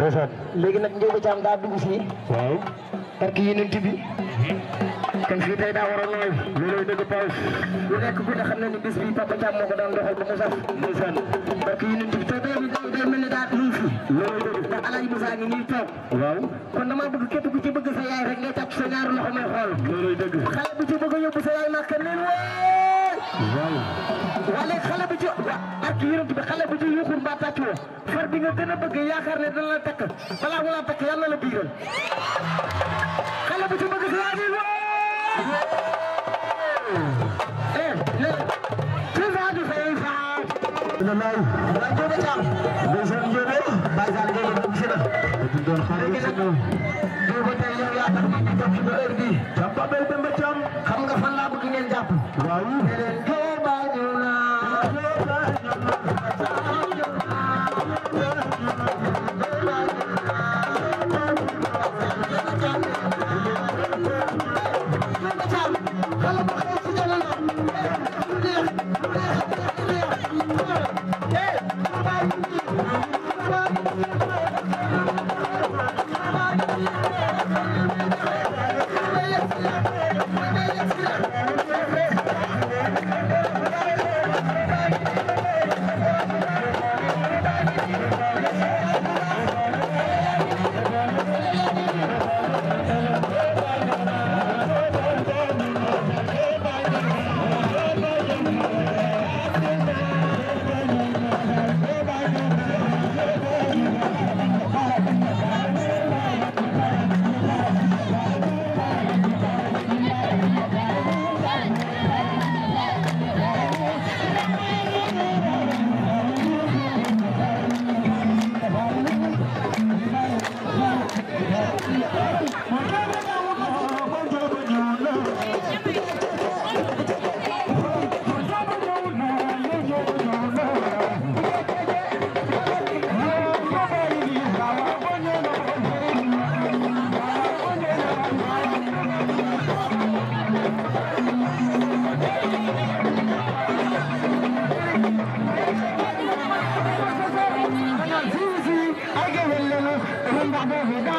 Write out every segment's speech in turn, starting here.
ndeysaan léegi nag Ndiobou Thiam daa dugg fii. waaw. parce que yéen a bi mhm. kon fii tey daa war a nooy. looloo dëgg Pawes. lu nekk ku ne xam na ni bis bi Papa Thiam moo ko daan doxal ba mu saf. ndeysaan. parce que yéen a bi tey day day mel ni daa nuyu fii. looloo dëgg ndax Alaaji Moussa ngi toog. waaw kon damaa bëgg képp ku ci bëgg sa rek ngay tàpp sa loxo may xool. looloo dëgg xale bu ci bëgg a yóbbu sa yaay màkk neen woo. xale xale bi ci ak yërënt bi xale bi ci yuuxu mbaa tàccoo far bi nga gën a bëgg yaakaar ne dana la takk balaa mu la takk yàlla la biiral xale bi ci bëgg si laa nii eh léegi ci saa di fay faat na lay lay ko bëccam deuxième njëbe bay saa ngeen dem si na doon xale yi si na doo ba tey yow yaa tax ñu toog ci ba heure bi jàmba bel dem ba cam ngeen jàpp waaw Baba, Baba.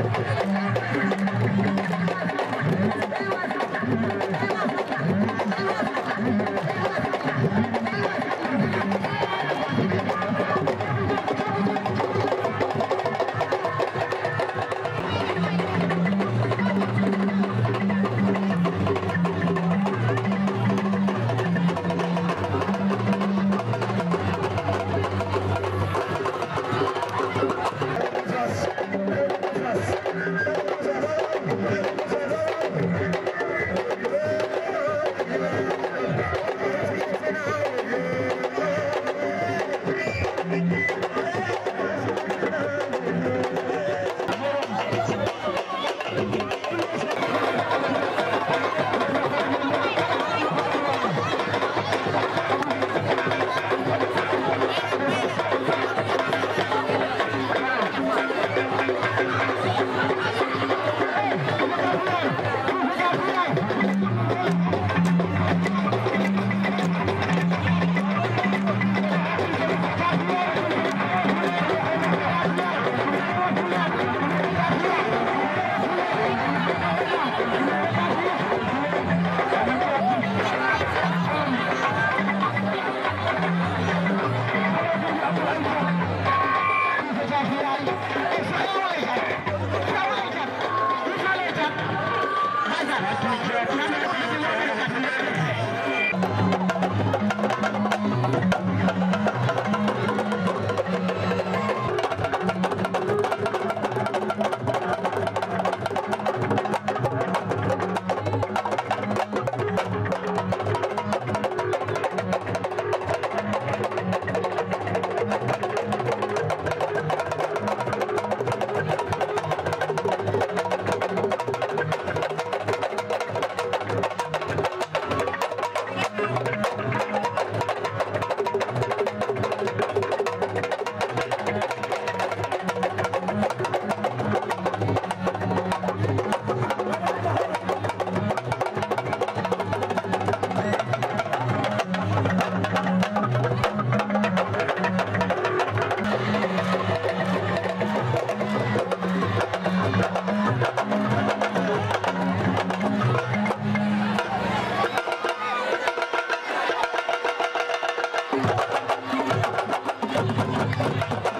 Thank you. Thank you.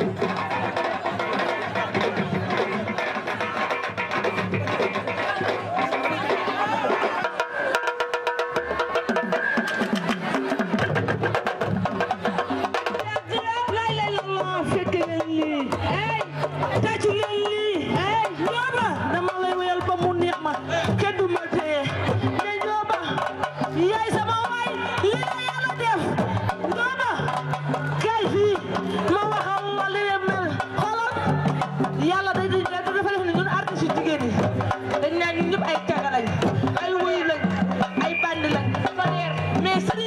Thank you.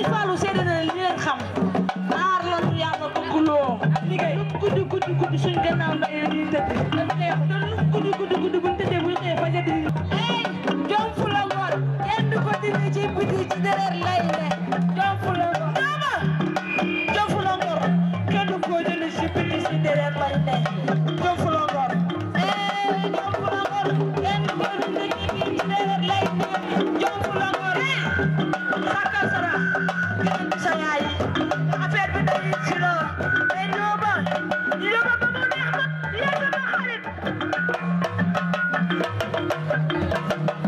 sëñ Fallou seede na li leen xam aar la ñu yàlla bëgg loo. ak liggéey lu mu guddi Thank you.